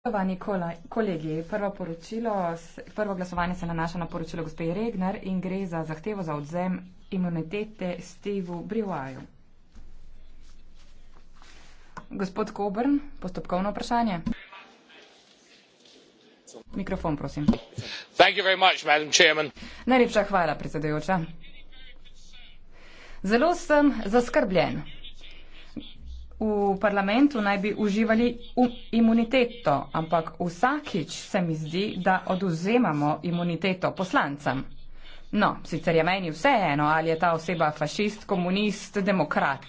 Spoštovani kolegi, prvo, poročilo, prvo glasovanje se nanaša na poročilo gospe Regner in gre za zahtevo za odzem imunitete Stevu Brivaju. Gospod Kobrn, postopkovno vprašanje. Mikrofon, prosim. Najlepša hvala, predsedujoča. Zelo sem zaskrbljen v parlamentu naj bi uživali imuniteto, ampak vsakič se mi zdi, da oduzemamo imuniteto poslancem. No, sicer je meni vseeno, ali je ta oseba fašist, komunist, demokrat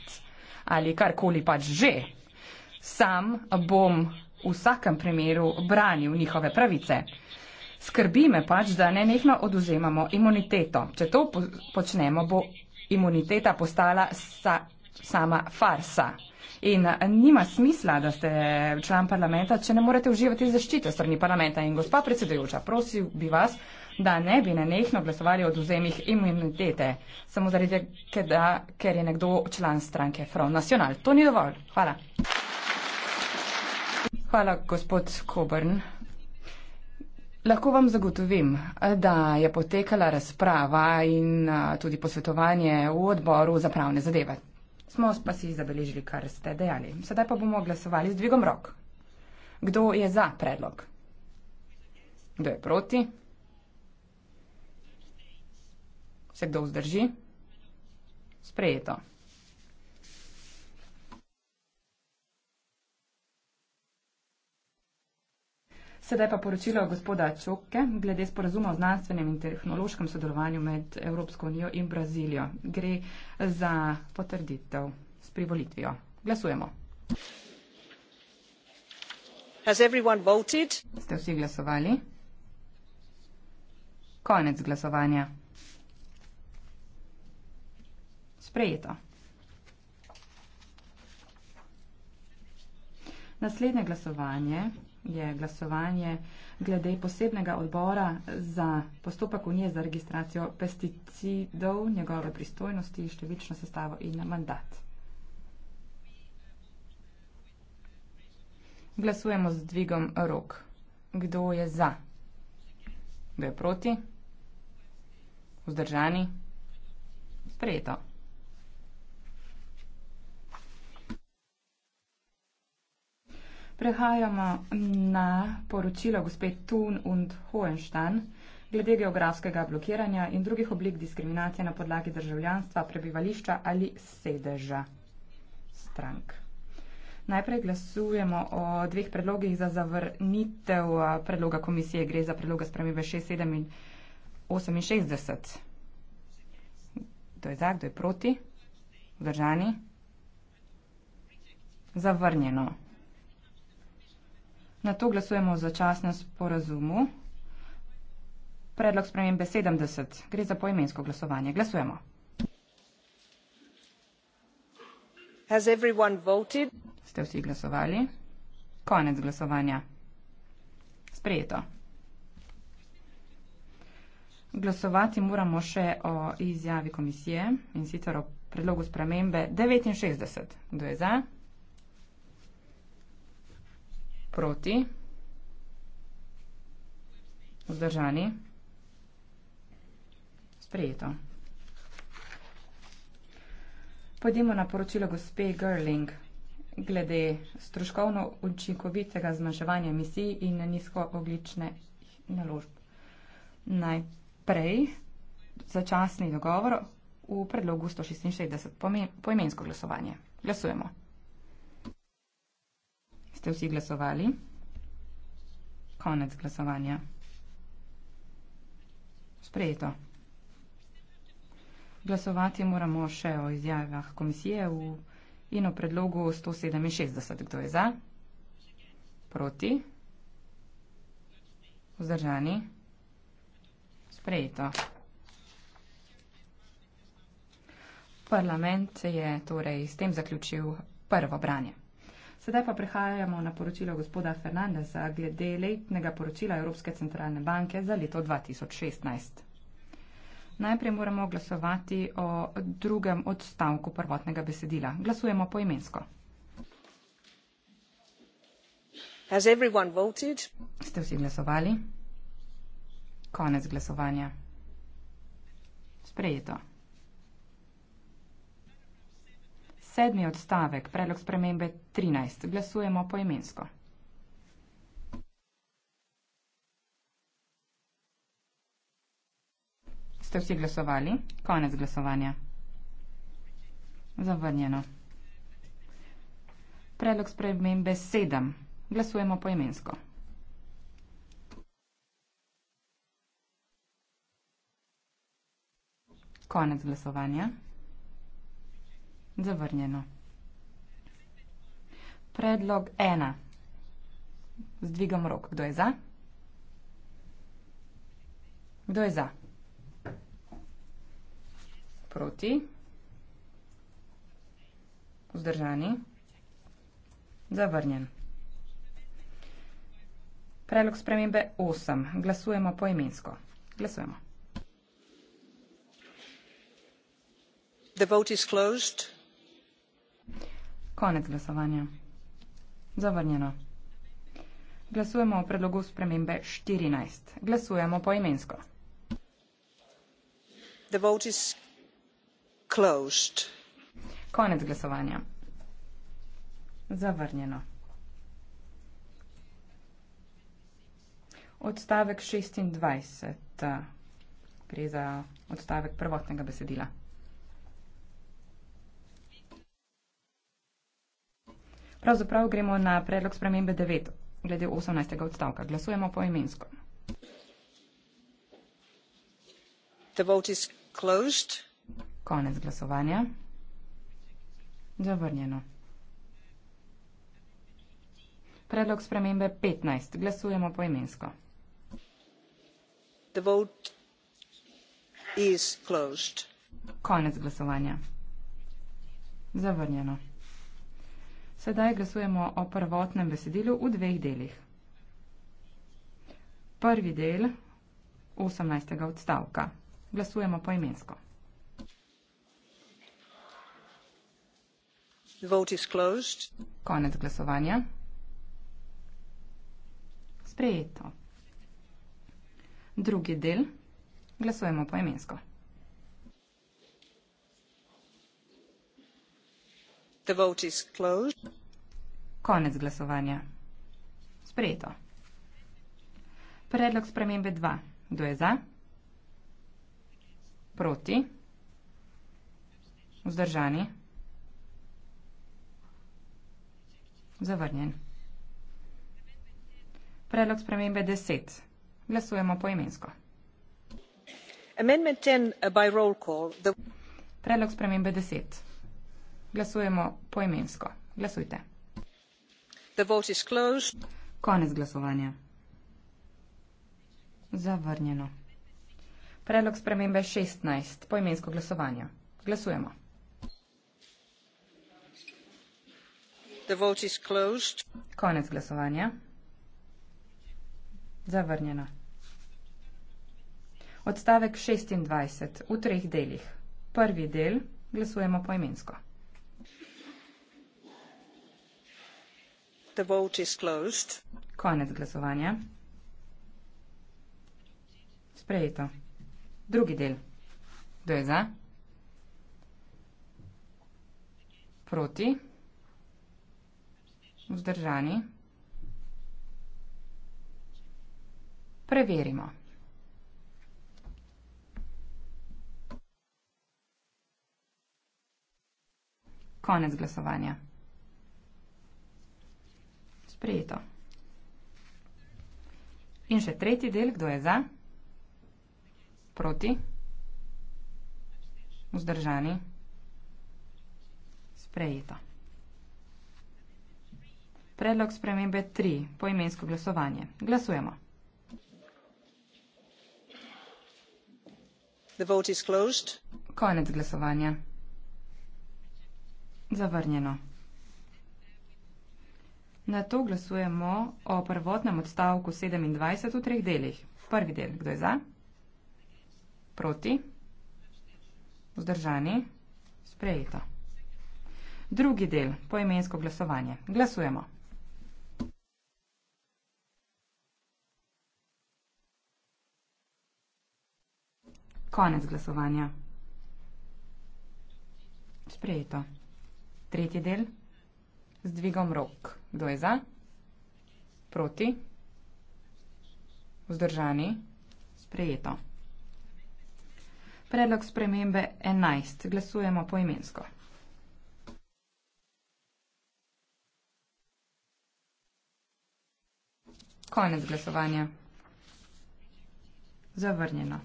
ali karkoli pač že. Sam bom v vsakem primeru branil njihove pravice. Skrbi me pač, da ne nekno oduzemamo imuniteto. Če to počnemo, bo imuniteta postala sa sama farsa. In eh, nima smisla, da ste član parlamenta, če ne morete uživati zaščite strani parlamenta. In gospa predsedujoča, prosil bi vas, da ne bi nenehno glasovali o oduzemih imunitete, samo zaradi tega, ker je nekdo član stranke Front National. To ni dovolj. Hvala. Hvala, gospod Koburn. Lahko vam zagotovim, da je potekala razprava in eh, tudi posvetovanje v odboru za pravne zadeve smo pa si zabeležili, kar ste dejali. Sedaj pa bomo glasovali z dvigom rok. Kdo je za predlog? Kdo je proti? Se kdo vzdrži? Sprejeto. Sedaj pa poročilo gospoda Čoke glede sporazuma o znanstvenem in tehnološkem sodelovanju med Evropsko unijo in Brazilijo. Gre za potrditev s privolitvijo. Glasujemo. Ste vsi glasovali? Konec glasovanja. Sprejeto. Naslednje glasovanje je glasovanje glede posebnega odbora za postopek unije za registracijo pesticidov, njegove pristojnosti, številčno sestavo in mandat. Glasujemo z dvigom rok. Kdo je za? Kdo je proti? Vzdržani? Sprejeto. Prehajamo na poročilo gospe Thun und Hohenstein glede geografskega blokiranja in drugih oblik diskriminacije na podlagi državljanstva, prebivališča ali sedeža strank. Najprej glasujemo o dveh predlogih za zavrnitev predloga komisije. Gre za predloga spremembe 67 in 68. Kdo je za, kdo je proti? Vzdržani? Zavrnjeno. Na to glasujemo o začasnem sporazumu. Predlog spremembe 70. Gre za poimensko glasovanje. Glasujemo. Ste vsi glasovali? Konec glasovanja. Sprejeto. Glasovati moramo še o izjavi komisije in sicer o predlogu spremembe 69. Kdo je za? proti, vzdržani, sprejeto. Pojdimo na poročilo gospe Gerling glede stroškovno učinkovitega zmanjševanja emisij in nizkooglične naložb. Najprej začasni dogovor v predlogu 166 poimensko glasovanje. Glasujemo. Ste vsi glasovali? Konec glasovanja. Sprejeto. Glasovati moramo še o izjavah komisije v, in o predlogu 167. Kdo je za? Proti? Vzdržani? Sprejeto. Parlament je torej s tem zaključil prvo branje. Sedaj pa prehajamo na poročilo gospoda Fernandeza glede letnega poročila Evropske centralne banke za leto 2016. Najprej moramo glasovati o drugem odstavku prvotnega besedila. Glasujemo poimensko. Ste vsi glasovali? Konec glasovanja. Sprejeto. sedmi odstavek, predlog spremembe 13. Glasujemo poimensko. Ste vsi glasovali? Konec glasovanja. Zavrnjeno. Predlog spremembe 7. Glasujemo poimensko. Konec glasovanja. Zavrnjeno. Predlog ena. Zdvigam rok. Kdo je za? Kdo je za? Proti? Vzdržani? Zavrnjen. Predlog spremembe osem. Glasujemo poimensko. Glasujemo. The vote is closed. Konec glasovanja. Zavrnjeno. Glasujemo o predlogu spremembe 14. Glasujemo po imensko. Konec glasovanja. Zavrnjeno. Odstavek 26. Gre za odstavek prvotnega besedila. Pravzaprav gremo na predlog spremembe 9 glede 18. odstavka. Glasujemo po imensko. Konec glasovanja. Zavrnjeno. Predlog spremembe 15. Glasujemo po imensko. The vote is closed. Konec glasovanja. Zavrnjeno. Sedaj glasujemo o prvotnem besedilu v dveh delih. Prvi del 18. odstavka. Glasujemo poimensko. Vote is closed. Konec glasovanja. Sprejeto. Drugi del. Glasujemo poimensko. imensko. Konec glasovanja. Sprejeto. Predlog spremembe 2. Kdo je za? Proti? Vzdržani? Zavrnjen. Predlog spremembe 10. Glasujemo poimensko. Uh, Predlog spremembe 10 glasujemo poimensko. Glasujte. Konec glasovanja. Zavrnjeno. Predlog spremembe 16. Poimensko glasovanje. Glasujemo. Konec glasovanja. Zavrnjeno. Odstavek 26. V treh delih. Prvi del glasujemo poimensko. imensko. The vote is closed. Konec glasovanja. Sprejeto. Drugi del. Kdo je za? Proti? Vzdržani? Preverimo. Konec glasovanja sprejeto. In še tretji del, kdo je za, proti, vzdržani, sprejeto. Predlog spremembe 3, poimensko glasovanje. Glasujemo. Konec glasovanja. Zavrnjeno. Na to glasujemo o prvotnem odstavku 27 v treh delih. Prvi del, kdo je za? Proti? Vzdržani? Sprejeto. Drugi del, poimensko glasovanje. Glasujemo. Konec glasovanja. Sprejeto. Tretji del z dvigom rok. Kdo je za? Proti? Vzdržani? Sprejeto. Predlog spremembe 11. Glasujemo poimensko. Konec glasovanja. Zavrnjeno.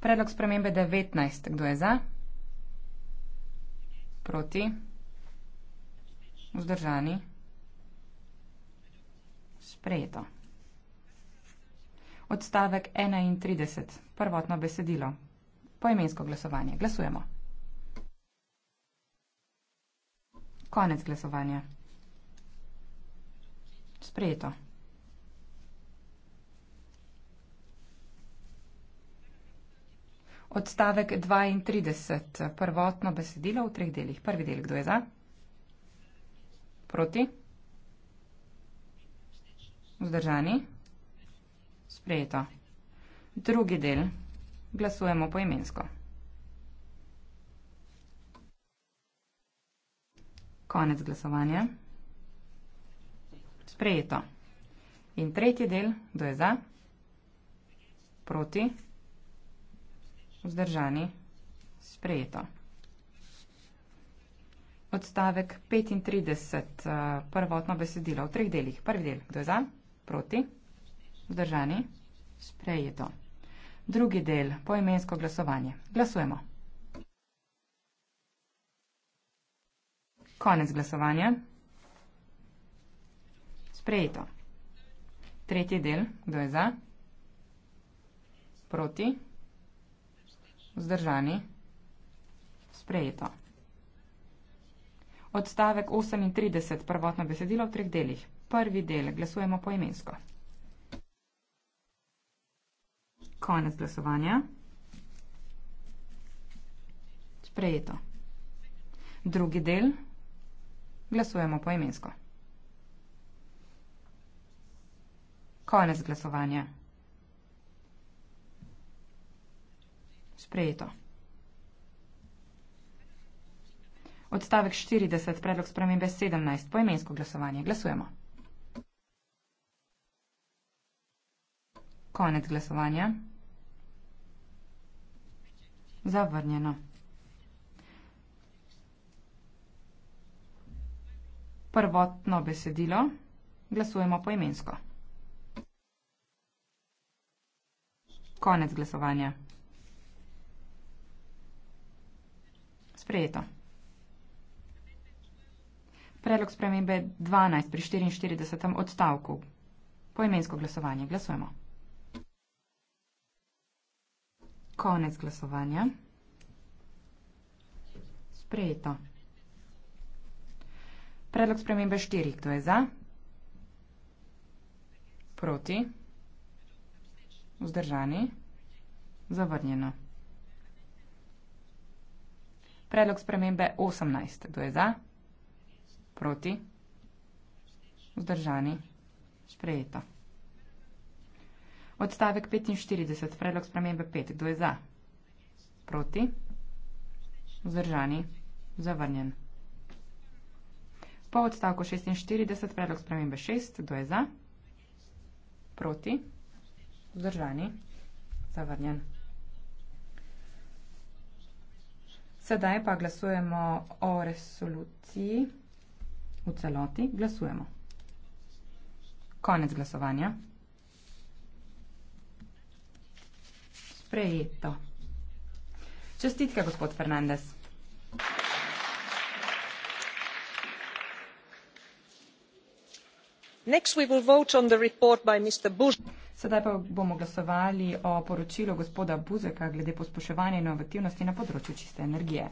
Predlog spremembe 19. Kdo je za? Proti? Proti? Vzdržani. Sprejeto. Odstavek 31. Prvotno besedilo. Poimensko glasovanje. Glasujemo. Konec glasovanja. Sprejeto. Odstavek 32. Prvotno besedilo v treh delih. Prvi del, kdo je za? Proti. Vzdržani. Sprejeto. Drugi del. Glasujemo poimensko. Konec glasovanja. Sprejeto. In tretji del, kdo je za? Proti. Vzdržani. Sprejeto. Odstavek 35, eh, prvotno besedilo v treh delih. Prvi del, kdo je za? Proti? Vzdržani? Sprejeto. Drugi del, poimensko glasovanje. Glasujemo. Konec glasovanja. Sprejeto. Tretji del, kdo je za? Proti? Vzdržani? Sprejeto. Sprejeto. Odstavek 38, prvotno besedilo v treh delih. Prvi del, glasujemo poimensko. Konec glasovanja. Sprejeto. Drugi del, glasujemo poimensko. Konec glasovanja. Sprejeto. Odstavek 40, predlog spremembe 17, poemensko glasovanje. Glasujemo. Konec glasovanja. Zavrnjeno. Prvotno besedilo. Glasujemo poemensko. Konec glasovanja. Sprejeto predlog spremembe 12 pri 44. odstavku. Poimensko glasovanje. Glasujemo. Konec glasovanja. Sprejeto. Predlog spremembe 4. Kdo je za? Proti? Vzdržani? Zavrnjeno. Predlog spremembe 18. Kdo je za? Proti? Proti? Vzdržani? Sprejeto. Odstavek 45, predlog spremembe 5. Kdo je za? Proti? Vzdržani? Zavrnjen. Po odstavku 46, predlog spremembe 6. Kdo je za? Proti? Vzdržani? Zavrnjen. Sedaj pa glasujemo o resoluciji v celoti glasujemo. Konec glasovanja. Sprejeto. Čestitke, gospod Fernandez. Next we will vote on the report by Mr. Sedaj pa bomo glasovali o poročilu gospoda Buzeka glede pospoševanja inovativnosti na področju čiste energije.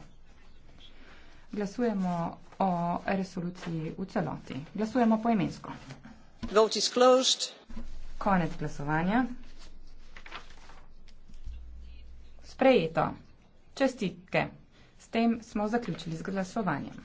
Glasujemo o resoluciji v celoti. Glasujemo poimensko. Vote is closed. Konec glasovanja. Sprejeto. Čestitke. S tem smo zaključili z glasovanjem.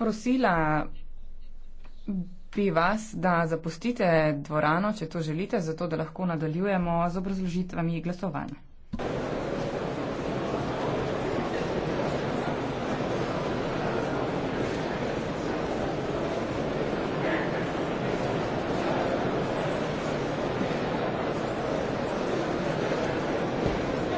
Prosila bi vas, da zapustite dvorano, če to želite, zato da lahko nadaljujemo z obrazložitvami glasovanj.